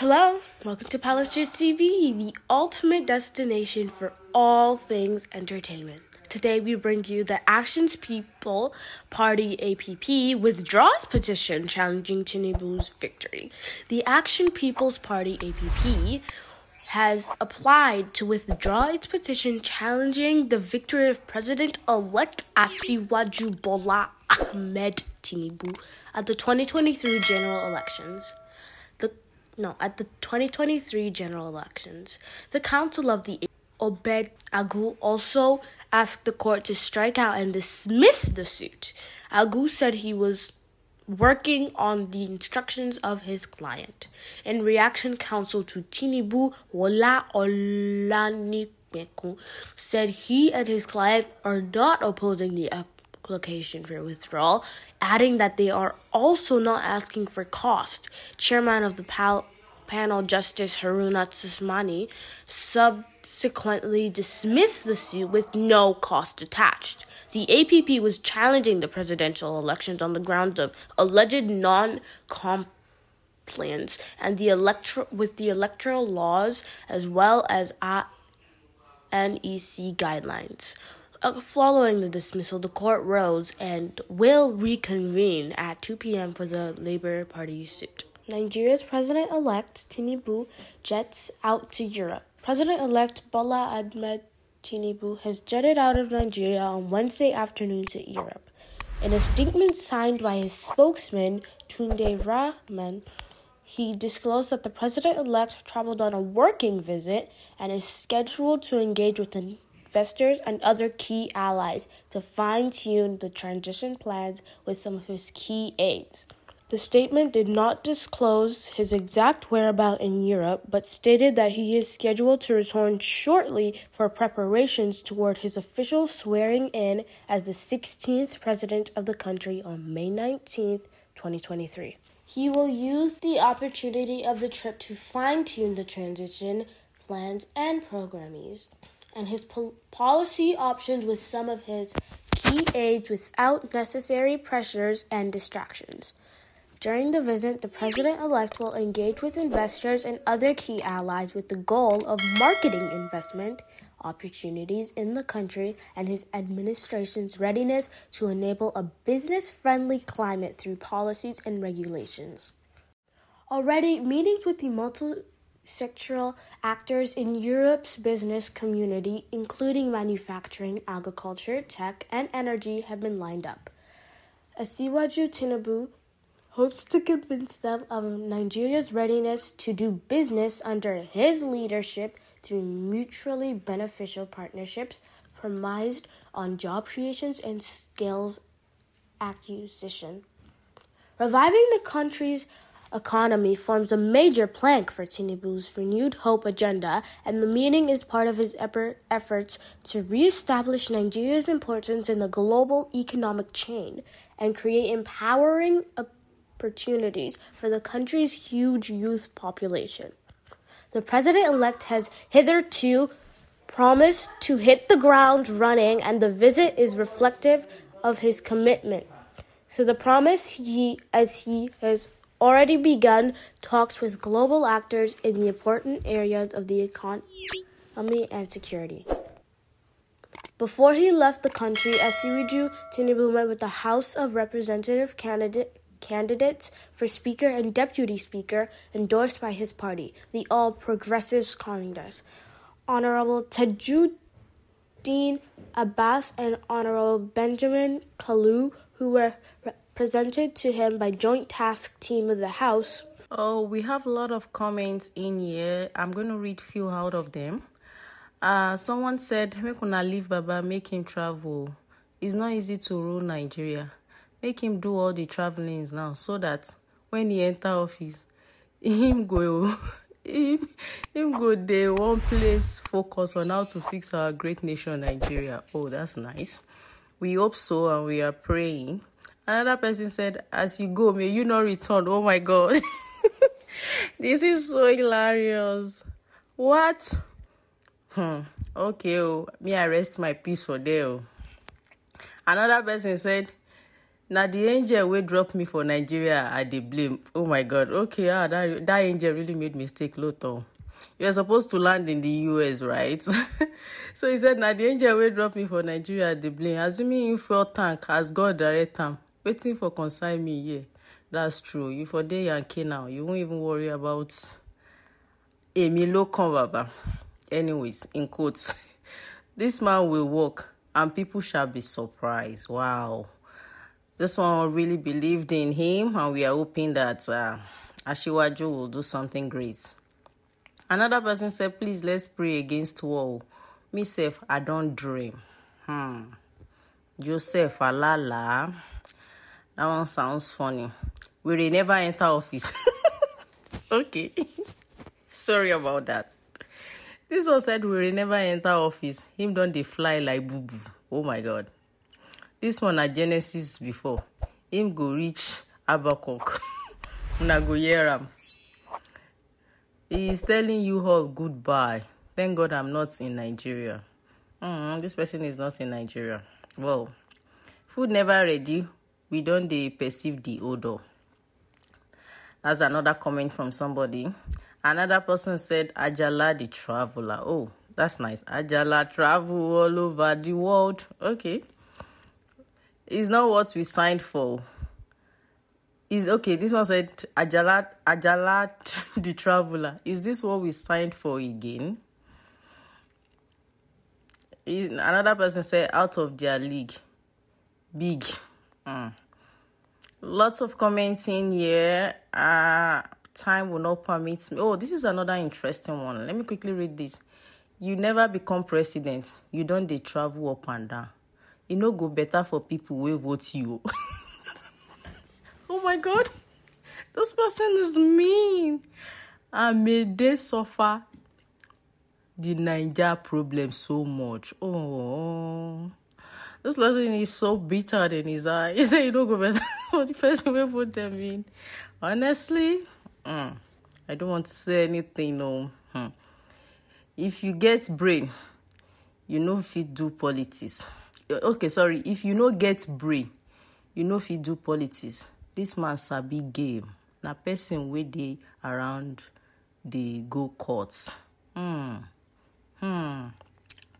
Hello, welcome to Palesters TV, the ultimate destination for all things entertainment. Today we bring you the Actions People Party APP withdraws petition challenging Tinubu's victory. The Action People's Party APP has applied to withdraw its petition challenging the victory of President-elect Asiwaju Bola Ahmed Tinubu at the 2023 general elections no, at the 2023 general elections. The Council of the Obed Agu also asked the court to strike out and dismiss the suit. Agu said he was working on the instructions of his client. In reaction, counsel to Tinibu Wola Olanipeku said he and his client are not opposing the application for withdrawal, adding that they are also not asking for cost. Chairman of the pal- panel, Justice Haruna Susmani, subsequently dismissed the suit with no cost attached. The APP was challenging the presidential elections on the grounds of alleged non compliance and the electro with the electoral laws as well as NEC guidelines. Uh, following the dismissal, the court rose and will reconvene at 2 p.m. for the Labour Party suit. Nigeria's president elect Tinubu jets out to Europe. President elect Bola Ahmed Tinubu has jetted out of Nigeria on Wednesday afternoon to Europe. In a statement signed by his spokesman, Tunde Rahman, he disclosed that the president elect traveled on a working visit and is scheduled to engage with the investors, and other key allies to fine tune the transition plans with some of his key aides. The statement did not disclose his exact whereabouts in Europe, but stated that he is scheduled to return shortly for preparations toward his official swearing in as the 16th president of the country on May 19, 2023. He will use the opportunity of the trip to fine tune the transition plans and programmes and his pol- policy options with some of his key aides without necessary pressures and distractions. During the visit, the president elect will engage with investors and other key allies with the goal of marketing investment opportunities in the country and his administration's readiness to enable a business friendly climate through policies and regulations. Already, meetings with the multi sectoral actors in Europe's business community, including manufacturing, agriculture, tech, and energy, have been lined up. Asiwaju Tinubu hopes to convince them of Nigeria's readiness to do business under his leadership through mutually beneficial partnerships premised on job creations and skills acquisition. Reviving the country's economy forms a major plank for Tinubu's renewed hope agenda, and the meeting is part of his efforts to reestablish Nigeria's importance in the global economic chain and create empowering opportunities for the country's huge youth population. The president elect has hitherto promised to hit the ground running, and the visit is reflective of his commitment. So the promise he as he has already begun talks with global actors in the important areas of the economy and security. Before he left the country, Asiwiju Tinubu met with the House of Representative candidate, candidates for Speaker and Deputy Speaker endorsed by his party, the All Progressives Congress. Honorable Tajuddin Abbas and Honorable Benjamin Kalu, who were presented to him by Joint Task Team of the House. Oh, we have a lot of comments in here. I'm going to read few out of them. Uh, someone said, make una leave Baba, make him travel. It's not easy to rule Nigeria. Make him do all the travelings now so that when he enter office, him go him, him go there one place focus on how to fix our great nation Nigeria. Oh, that's nice. We hope so and we are praying. Another person said, As you go, may you not return. Oh my God. this is so hilarious. What? Hmm. Okay, oh, me I rest my peace for there. Oh. Another person said, "Now the angel will drop me for nigeria i the blame oh my god okay ah that, that angel really made mistake lotto oh. you are supposed to land in the us right so he said "Now the angel will drop me for nigeria i dey blame assuming you fuel tank as god direct am wetin for concern me here that's true you for dey yankee now you won't even worry about èmi ló kàn anyways in quotes this man will work and people shall be surprised wow this one really believed in him and we are hoping that uh, Ashiwaju will do something great another person said please let's pray against war Me myself i don't dream hmm. Joseph Alala That one sounds funny. Will they never enter office? okay. Sorry about that. This one said we will never enter office. Him don't they fly like boo boo. Oh my god. This one at Genesis before. Him go reach Abacok. Una go hear him. He is telling you all goodbye. Thank God I'm not in Nigeria. Mm, this person is not in Nigeria. Well, food never ready we don't they perceive the odor that's another comment from somebody another person said ajala the traveler oh that's nice ajala travel all over the world okay it's not what we signed for is okay this one said ajala ajala the traveler is this what we signed for again another person said out of their league big Lots of commenting here. Uh, time will not permit me. Oh, this is another interesting one. Let me quickly read this. You never become president. You don't they travel up and down. You know go better for people who vote you. oh my God. This person is mean. I made they suffer the Niger problem so much. Oh, this lesson is so bitter in his eye. He said, You don't go better for the person we put them in. Honestly, mm, I don't want to say anything. No, hmm. if you get brain, you know if you do politics. Eh, okay, sorry, if you know get brain, you know if you do politics. This man big game. Na person wey the around the go courts. Hmm. Hmm.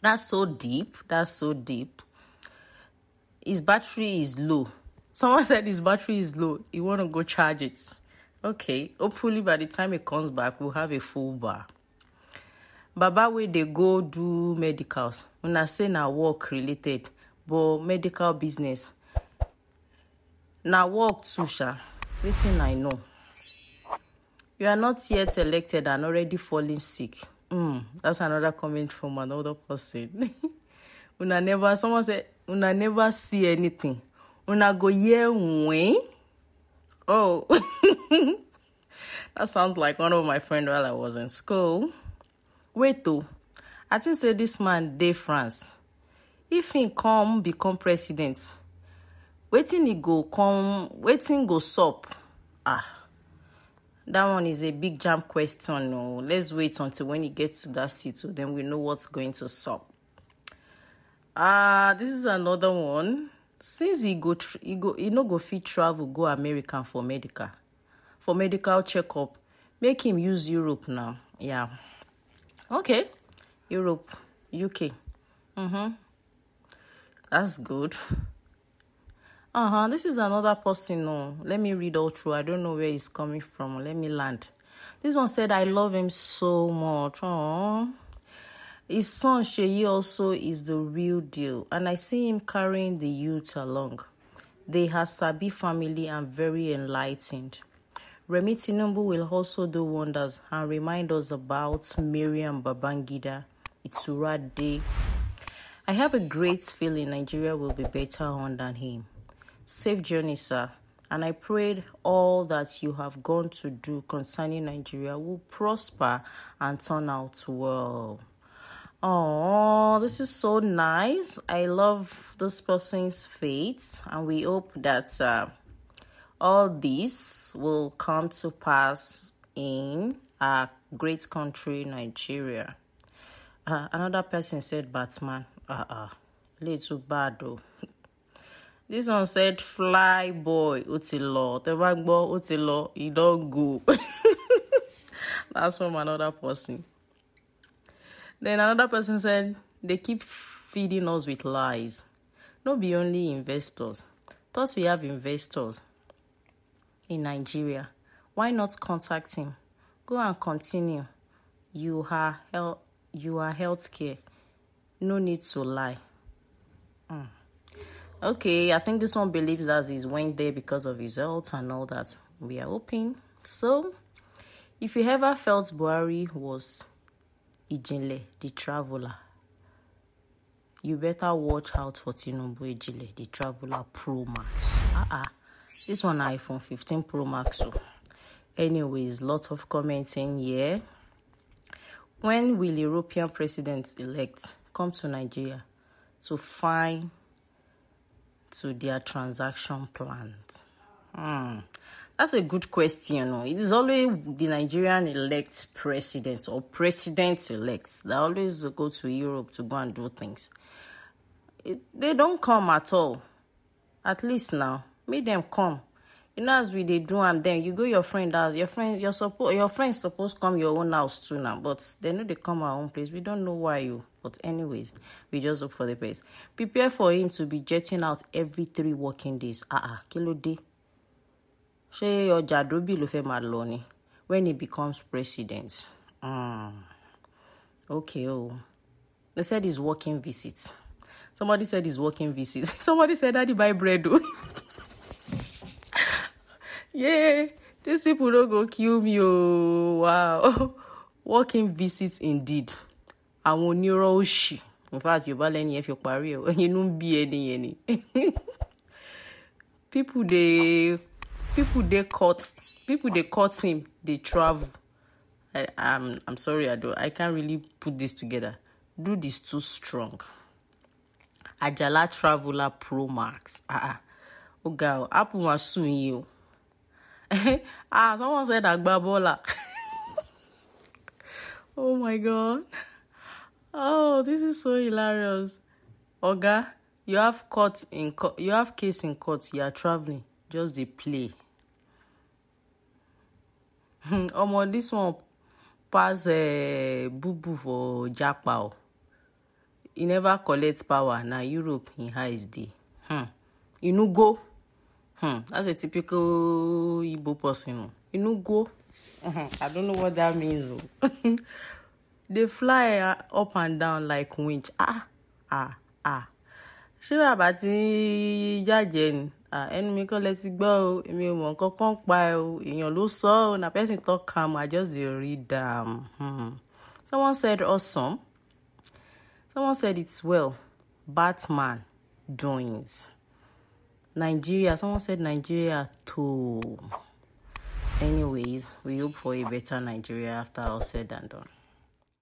That's so deep. That's so deep. his battery is low. Someone said his battery is low. You want to go charge it. Okay, hopefully by the time it comes back, we'll have a full bar. Baba wey they go do medicals, una say na work related, but medical business na work Susha. sha. I know. You are not yet elected and already falling sick. Mm, that's another comment from another person. una never, someone said, una never see anything una go yeah when oh that sounds like one of my friend while i was in school wait though i think say this man de france if he come become president waiting he go come waiting go sup ah that one is a big jump question o oh. let's wait until when he gets to that seat so oh. then we know what's going to sup uh, this is another one. Since he go, he go, he no go fit travel go America for medical, for medical checkup, make him use Europe now. Yeah. Okay. Europe, UK. Mhm. That's good. Uh huh. This is another person. No, let me read all through. I don't know where he's coming from. Let me land. This one said, "I love him so much." Oh. His son Sheyi also is the real deal, and I see him carrying the youth along. They have Sabi family and very enlightened. Remi Tinubu will also do wonders and remind us about Miriam Babangida, It's day. I have a great feeling Nigeria will be better on than him. Safe journey, sir. And I prayed all that you have gone to do concerning Nigeria will prosper and turn out well. Oh, this is so nice. I love this person's faith, and we hope that uh, all this will come to pass in our great country, Nigeria. Uh, another person said Batman. Uh uh, little bad though. This one said Fly Boy, Utilo. boy, Utilo, you don't go. That's from another person. Then another person said, they keep feeding us with lies. Not be only investors. Thus, we have investors in Nigeria. Why not contact him? Go and continue. You are, health. you are healthcare. No need to lie. Mm. Okay, I think this one believes that he's went there because of his health and all that. We are hoping. So, if you ever felt Buhari was Ijinle the Traveler. You better watch out for Tinubu Ejile the Traveler Pro Max. Ah ah, this one iPhone 15 Pro Max. So, anyways, lots of comments in here. When will European presidents elect come to Nigeria to find to their transaction plans? Hmm. That's a good question. Oh. It is always the Nigerian elect president or president elects that always go to Europe to go and do things. It, they don't come at all. At least now, make them come. You know, as we they do and then you go your friend house. Your friend, your support, your friends supposed come your own house too now, but they know they come our own place. We don't know why you. Oh. But anyways, we just look for the place. Prepare for him to be jetting out every three working days. Ah uh ah, -uh, kilo day ṣé ọjà àdóbì ló fẹ́ máa lọ ni when he becomes president mm. okay o oh. they said he's working visit somebody said he's working visit somebody said daddy buy bread o yeah these people no go kill me o oh. wow working visit indeed àwọn onírọ̀ òṣì in fact yorùbá lẹ́ni ẹ̀ fi parí ẹ̀ inú ń bí ẹni yẹn ni people dey People they cut People they cut him They travel i am i'm sorry i don't i can't really put this together Do this too strong ajala traveler pro max ah ah oga oh, o apple ma soon you? ah someone said agbabola oh my god oh this is so hilarious oga you have court in court you have case in court you are traveling. just the play omo dis one pass eh, bubu for japa o e never collect power na europe im eyes dey um e no go um that's a typical igbo person o e no go i don't know what that means o dey fly uh, up and down like winch ah ah ah ṣé bàbá ti ń jàjẹ́ ni ẹnu mi kọ́ lẹ ti gbọ́ o èmi ò mọ̀ nǹkan kan pa o èèyàn ló sọ ọ́ na person talk am I just dey read am hmm. someone said awesome someone said it's well Batman doings Nigeria someone said Nigeria too anyways we hope for a better Nigeria after all said and done.